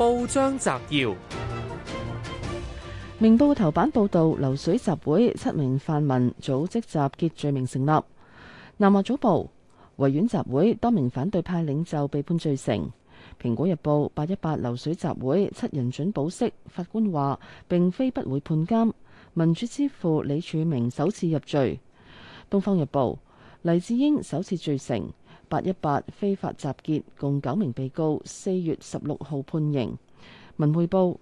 報章摘要：明報頭版報道，流水集會七名泛民組織集，集結罪名成立。南華早報，維園集會多名反對派領袖被判罪成。蘋果日報，八一八流水集會七人准保釋，法官話並非不會判監。民主之父李柱銘首次入罪。東方日報，黎智英首次罪成。八一八非法集結，共九名被告，四月十六號判刑。文匯報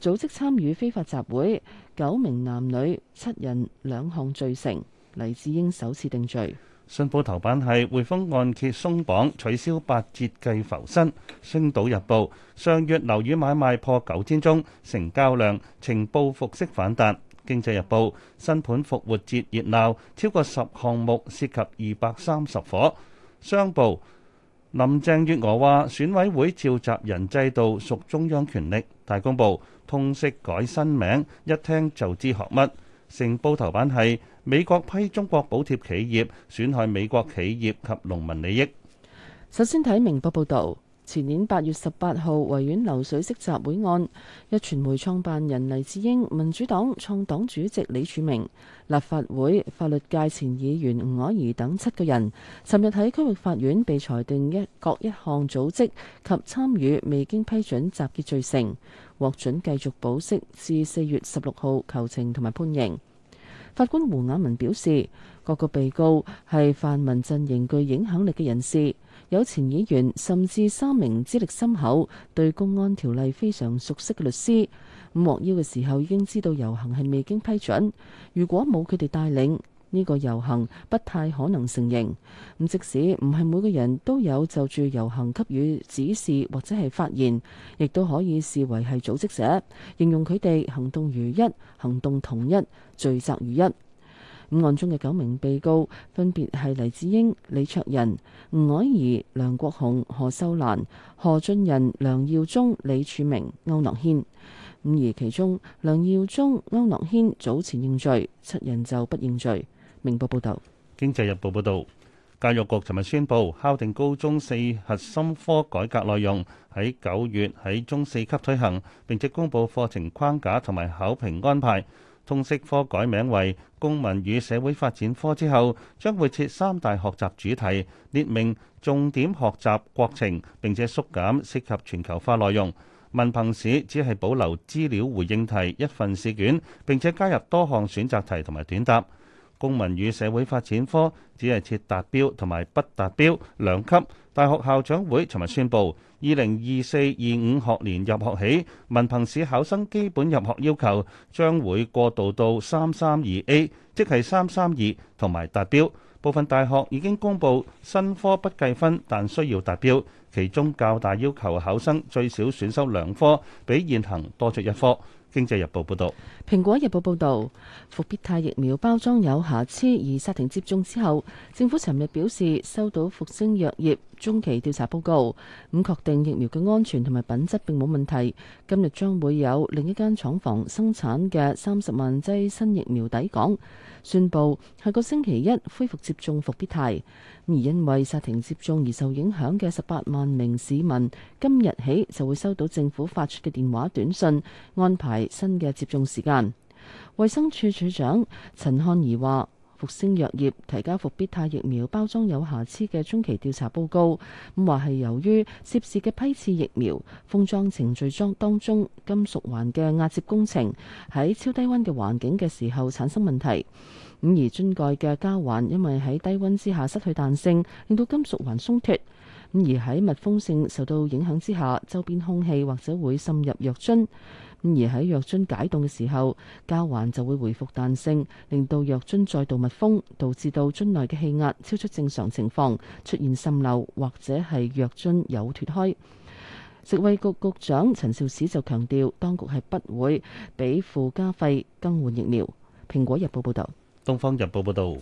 組織參與非法集會，九名男女，七人兩項罪成。黎智英首次定罪。信報頭版係匯豐按揭鬆綁，取消八折計浮薪。星島日報上月樓宇買賣破九千宗，成交量呈報復式反彈。經濟日報新盤復活節熱鬧，超過十項目涉及二百三十伙。商報林鄭月娥話：選委會召集人制度屬中央權力。大公報通識改新名，一聽就知學乜。成報頭版係美國批中國補貼企業損害美國企業及農民利益。首先睇明報報道。前年八月十八號，維園流水式集會案，壹傳媒創辦人黎智英、民主黨創黨主席李柱銘、立法會法律界前議員吳靄儀等七個人，尋日喺區域法院被裁定一各一項組織及參與未經批准集結罪成，獲准繼續保釋至四月十六號求情同埋判刑。法官胡雅文表示。各個被告係泛民陣營具影響力嘅人士，有前議員，甚至三名資歷深厚、對公安條例非常熟悉嘅律師。咁獲邀嘅時候已經知道遊行係未經批准。如果冇佢哋帶領，呢個遊行不太可能成形。咁即使唔係每個人都有就住遊行給予指示或者係發言，亦都可以視為係組織者，形容佢哋行動如一、行動統一、罪責如一。五案中嘅九名被告分別係黎智英、李卓人、吳靄儀、梁國雄、何秀蘭、何俊仁、梁耀忠、李柱明、歐諾軒。五而其中，梁耀忠、歐諾軒早前認罪，七人就不認罪。明報報道。經濟日報報道，教育局尋日宣布敲定高中四核心科改革內容，喺九月喺中四級推行，並即公布課程框架同埋考評安排。通識科改名為公民與社會發展科之後將會設三大學習主題，列明重點學習國情，並且縮減涉及全球化內容。文憑試只係保留資料回應題一份試卷，並且加入多項選擇題同埋短答。公民與社會發展科只係設達標同埋不達標兩級。大學校長會尋日宣布，二零二四、二五學年入學起，文憑試考生基本入學要求將會過渡到三三二 A 即係三三二同埋達標。部分大學已經公布新科不計分，但需要達標。其中較大要求考生最少選修兩科，比現行多出一科。經濟日報報道，蘋果日報報道，伏必泰疫苗包裝有瑕疵而煞停接種之後，政府尋日表示收到復星藥業。中期調查報告，咁確定疫苗嘅安全同埋品質並冇問題。今日將會有另一間廠房生產嘅三十萬劑新疫苗抵港，宣佈下個星期一恢復接種復必泰。而因為暫停接種而受影響嘅十八萬名市民，今日起就會收到政府發出嘅電話短信安排新嘅接種時間。衛生署署長陳漢儀話。復星藥業提交復必泰疫苗包裝有瑕疵嘅中期調查報告，咁話係由於涉事嘅批次疫苗封裝程序中當中金屬環嘅壓接工程喺超低溫嘅環境嘅時候產生問題，咁而樽蓋嘅膠環因為喺低溫之下失去彈性，令到金屬環鬆脱。而喺密封性受到影響之下，周邊空氣或者會滲入藥樽。而喺藥樽解凍嘅時候，膠環就會回復彈性，令到藥樽再度密封，導致到樽內嘅氣壓超出正常情況，出現滲漏或者係藥樽有脱開。食衞局局長陳肇始就強調，當局係不會俾附加費更換疫苗。《蘋果日報》報道。《東方日報》報導。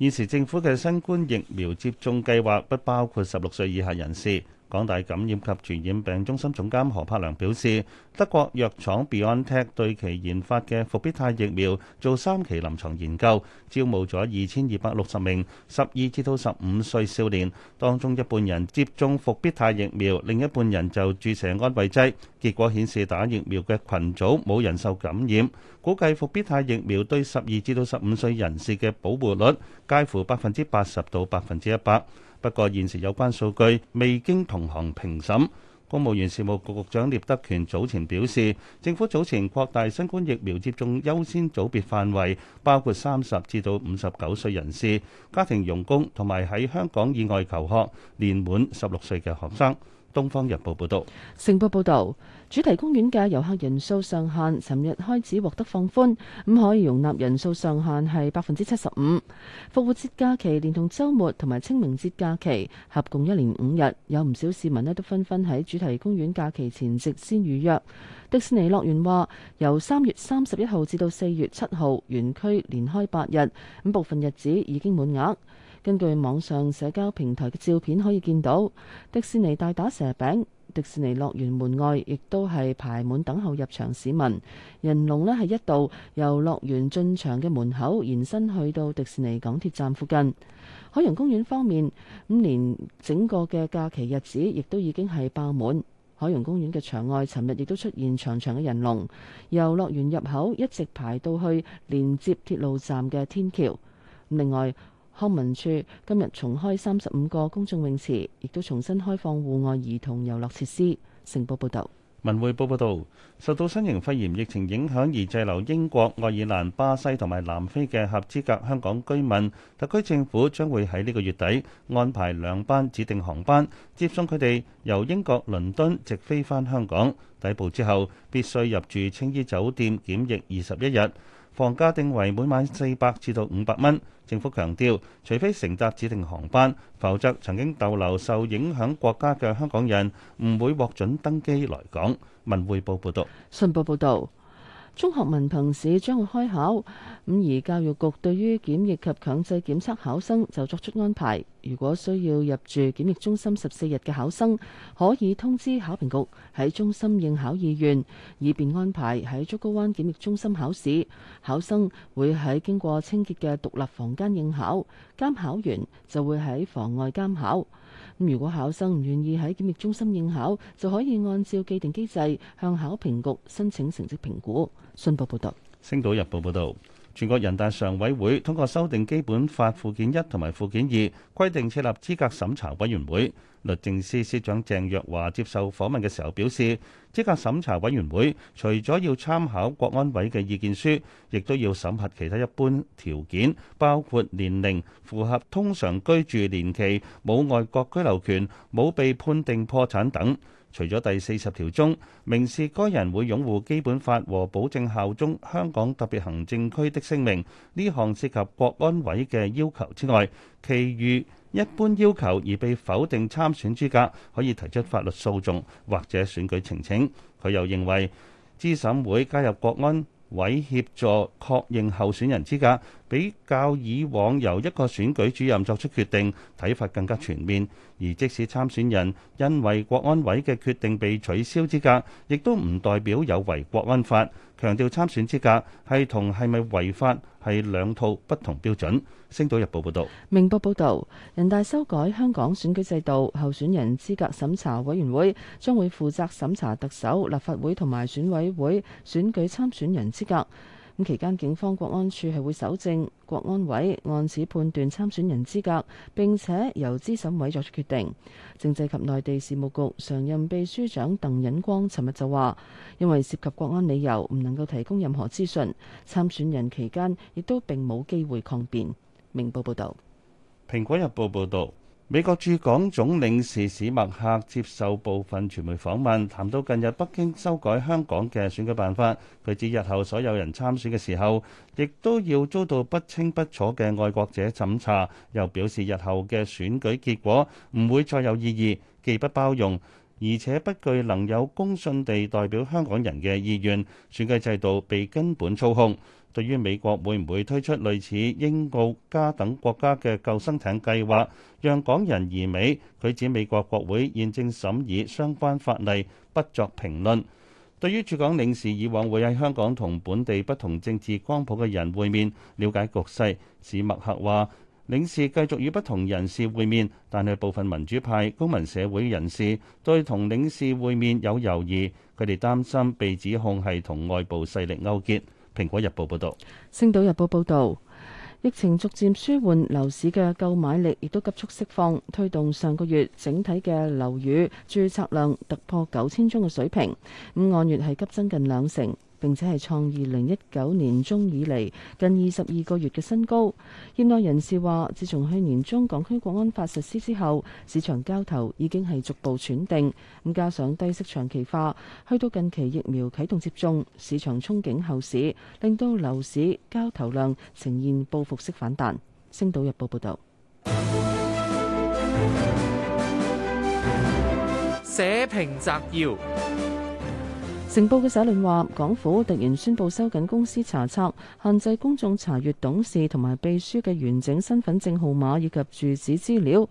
現時政府嘅新冠疫苗接種計劃不包括十六歲以下人士。港大感染及傳染病中心總監何柏良表示，德國藥廠 BioNTech 對其研發嘅復必泰疫苗做三期臨床研究，招募咗二千二百六十名十二至到十五歲少年，當中一半人接種復必泰疫苗，另一半人就注射安慰劑。結果顯示打疫苗嘅羣組冇人受感染，估計復必泰疫苗對十二至到十五歲人士嘅保護率介乎百分之八十到百分之一百。不過，現時有關數據未經同行評審。公務員事務局局長聶德權早前表示，政府早前擴大新冠疫苗接種優先組別範圍，包括三十至到五十九歲人士、家庭傭工同埋喺香港以外求學，年滿十六歲嘅學生。《東方日報》報道，成報報道，主題公園嘅遊客人數上限，尋日開始獲得放寬，咁可以容納人數上限係百分之七十五。復活節假期連同周末同埋清明節假期合共一連五日，有唔少市民呢都紛紛喺主題公園假期前夕先預約。迪士尼樂園話，由三月三十一號至到四月七號，園區連開八日，咁部分日子已經滿額。根據網上社交平台嘅照片可以見到，迪士尼大打蛇餅，迪士尼樂園門外亦都係排滿等候入場市民，人龍呢，係一度由樂園進場嘅門口延伸去到迪士尼港鐵站附近。海洋公園方面，咁連整個嘅假期日子亦都已經係爆滿，海洋公園嘅場外尋日亦都出現長長嘅人龍，由樂園入口一直排到去連接鐵路站嘅天橋。另外，康文署今日重開三十五個公眾泳池，亦都重新開放戶外兒童遊樂設施。成報報道，文匯報報導，受到新型肺炎疫情影響而滯留英國、愛爾蘭、巴西同埋南非嘅合資格香港居民，特區政府將會喺呢個月底安排兩班指定航班接送佢哋由英國倫敦直飛返香港。抵埗之後必須入住青衣酒店檢疫二十一日。房價定為每晚四百至到五百蚊。政府強調，除非乘搭指定航班，否則曾經逗留受影響國家嘅香港人唔會獲准登機來港。文匯報報道。信報報道。中學文憑試將會開考，咁而教育局對於檢疫及強制檢測考生就作出安排。如果需要入住檢疫中心十四日嘅考生，可以通知考評局喺中心應考意願，以便安排喺竹篙灣檢疫中心考試。考生會喺經過清潔嘅獨立房間應考，監考員就會喺房外監考。咁如果考生唔願意喺檢疫中心應考，就可以按照既定機制向考評局申請成績評估。信報報道。星島日報報道。全國人大常委會通過修訂基本法附件一同埋附件二，規定設立資格審查委員會。律政司司長鄭若驊接受訪問嘅時候表示，資格審查委員會除咗要參考國安委嘅意見書，亦都要審核其他一般條件，包括年齡、符合通常居住年期、冇外國居留權、冇被判定破產等。除咗第四十條中明示該人會擁護基本法和保證效忠香港特別行政區的聲明，呢項涉及國安委嘅要求之外，其餘一般要求而被否定參選資格，可以提出法律訴訟或者選舉呈請。佢又認為，資審會加入國安委協助確認候選人資格。比較以往由一個選舉主任作出決定，睇法更加全面，而即使參選人因為國安委嘅決定被取消資格，亦都唔代表有違國安法。強調參選資格係同係咪違法係兩套不同標準。星島日報報道。明報報道，人大修改香港選舉制度，候選人資格審查委員會將會負責審查特首、立法會同埋選委會選舉參選人資格。期間，警方國安處係會搜證國安委，按此判斷參選人資格，並且由資審委作出決定。政制及內地事務局常任秘書長鄧忍光尋日就話：因為涉及國安理由，唔能夠提供任何資訊。參選人期間亦都並冇機會抗辯。明報報道。《蘋果日報》報道。美國駐港總領事史墨客接受部分傳媒訪問，談到近日北京修改香港嘅選舉辦法，佢指日後所有人參選嘅時候，亦都要遭到不清不楚嘅愛國者審查，又表示日後嘅選舉結果唔會再有意義，既不包容。而且不具能有公信地代表香港人嘅意願，選舉制度被根本操控。對於美國會唔會推出類似英、澳、加等國家嘅救生艇計劃，讓港人移美，佢指美國國會現正審議相關法例，不作評論。對於駐港領事以往會喺香港同本地不同政治光譜嘅人會面，了解局勢，史麥克話。領事繼續與不同人士會面，但係部分民主派、公民社會人士對同領事會面有猶豫，佢哋擔心被指控係同外部勢力勾結。《蘋果日報》報導，《星島日報》報導，疫情逐漸舒緩，樓市嘅購買力亦都急速釋放，推動上個月整體嘅樓宇註冊量突破九千宗嘅水平，咁按月係急增近兩成。並且係創二零一九年中以嚟近二十二個月嘅新高。業內人士話，自從去年中港區國安法實施之後，市場交投已經係逐步喘定。咁加上低息長期化，去到近期疫苗啟動接種，市場憧憬後市，令到樓市交投量呈現報復式反彈。星島日報報導。社評摘要。成報嘅社論話，港府突然宣布收緊公司查冊，限制公眾查閲董事同埋秘書嘅完整身份證號碼以及住址資料。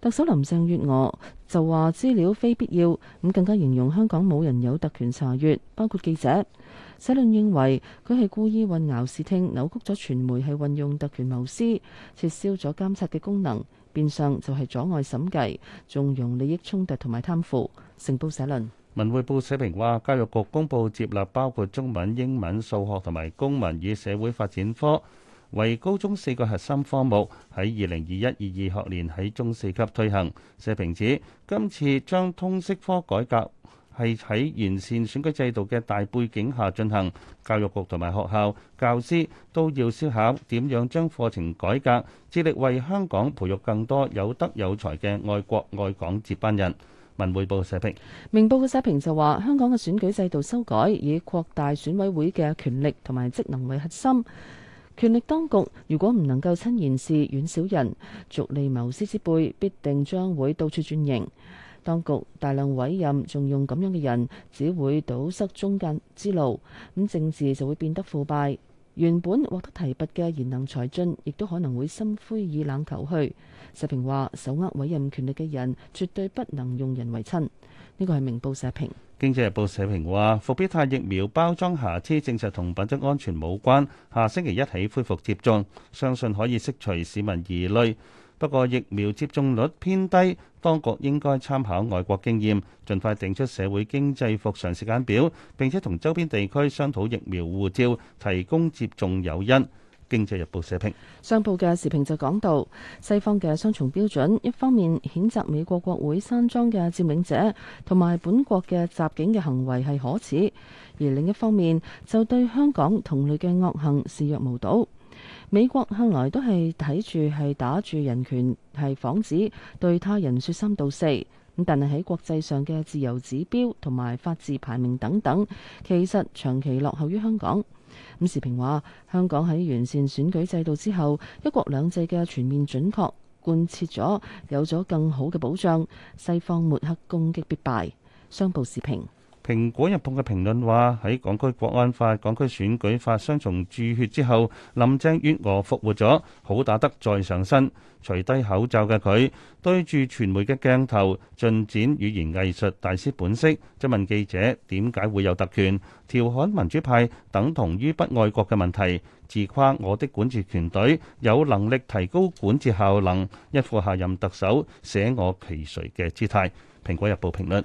特首林鄭月娥就話資料非必要，咁更加形容香港冇人有特權查閲，包括記者。社論認為佢係故意混淆視聽，扭曲咗傳媒係運用特權謀私，撤銷咗監察嘅功能，變相就係阻礙審計，縱容利益衝突同埋貪腐。成報社論。文匯報社評話，教育局公布接納包括中文、英文、數學同埋公民與社會發展科為高中四個核心科目，喺二零二一二二學年喺中四級推行。社評指，今次將通識科改革係喺完善選舉制度嘅大背景下進行，教育局同埋學校、教師都要思考點樣將課程改革，致力為香港培育更多有德有才嘅愛國愛港接班人。文匯報嘅社評，明報嘅社評就話：香港嘅選舉制度修改，以擴大選委會嘅權力同埋職能為核心。權力當局如果唔能夠親賢事遠小人，逐利謀私之輩必定將會到處轉型。當局大量委任重用咁樣嘅人，只會堵塞中間之路，咁政治就會變得腐敗。原本獲得提拔嘅賢能才俊，亦都可能會心灰意冷求去。社評話：手握委任權力嘅人，絕對不能用人為親。呢個係明報社評。經濟日報社評話：復必泰疫苗包裝瑕疵，證實同品質安全冇關。下星期一起恢復接種，相信可以釋除市民疑慮。不過疫苗接種率偏低，當局應該參考外國經驗，盡快定出社會經濟復常時間表，並且同周邊地區商討疫苗護照，提供接種誘因。經濟日報社評。商報嘅時評就講到西方嘅雙重標準，一方面譴責美國國會山莊嘅佔領者同埋本國嘅襲警嘅行為係可恥，而另一方面就對香港同類嘅惡行視若無睹。美國向來都係睇住係打住人權係幌子，防止對他人說三道四。咁但係喺國際上嘅自由指標同埋法治排名等等，其實長期落後於香港。咁時評話，香港喺完善選舉制度之後，一國兩制嘅全面準確貫徹咗，有咗更好嘅保障。西方抹黑攻擊必敗。商報時評。《蘋果日報》嘅評論話：喺港區國安法、港區選舉法雙重注血之後，林鄭月娥復活咗，好打得再上身。除低口罩嘅佢，對住傳媒嘅鏡頭，盡展語言藝術大師本色。質問記者點解會有特權，調侃民主派等同於不愛國嘅問題，自誇我的管治團隊有能力提高管治效能，一副下任特首捨我其誰嘅姿態。《蘋果日報》評論。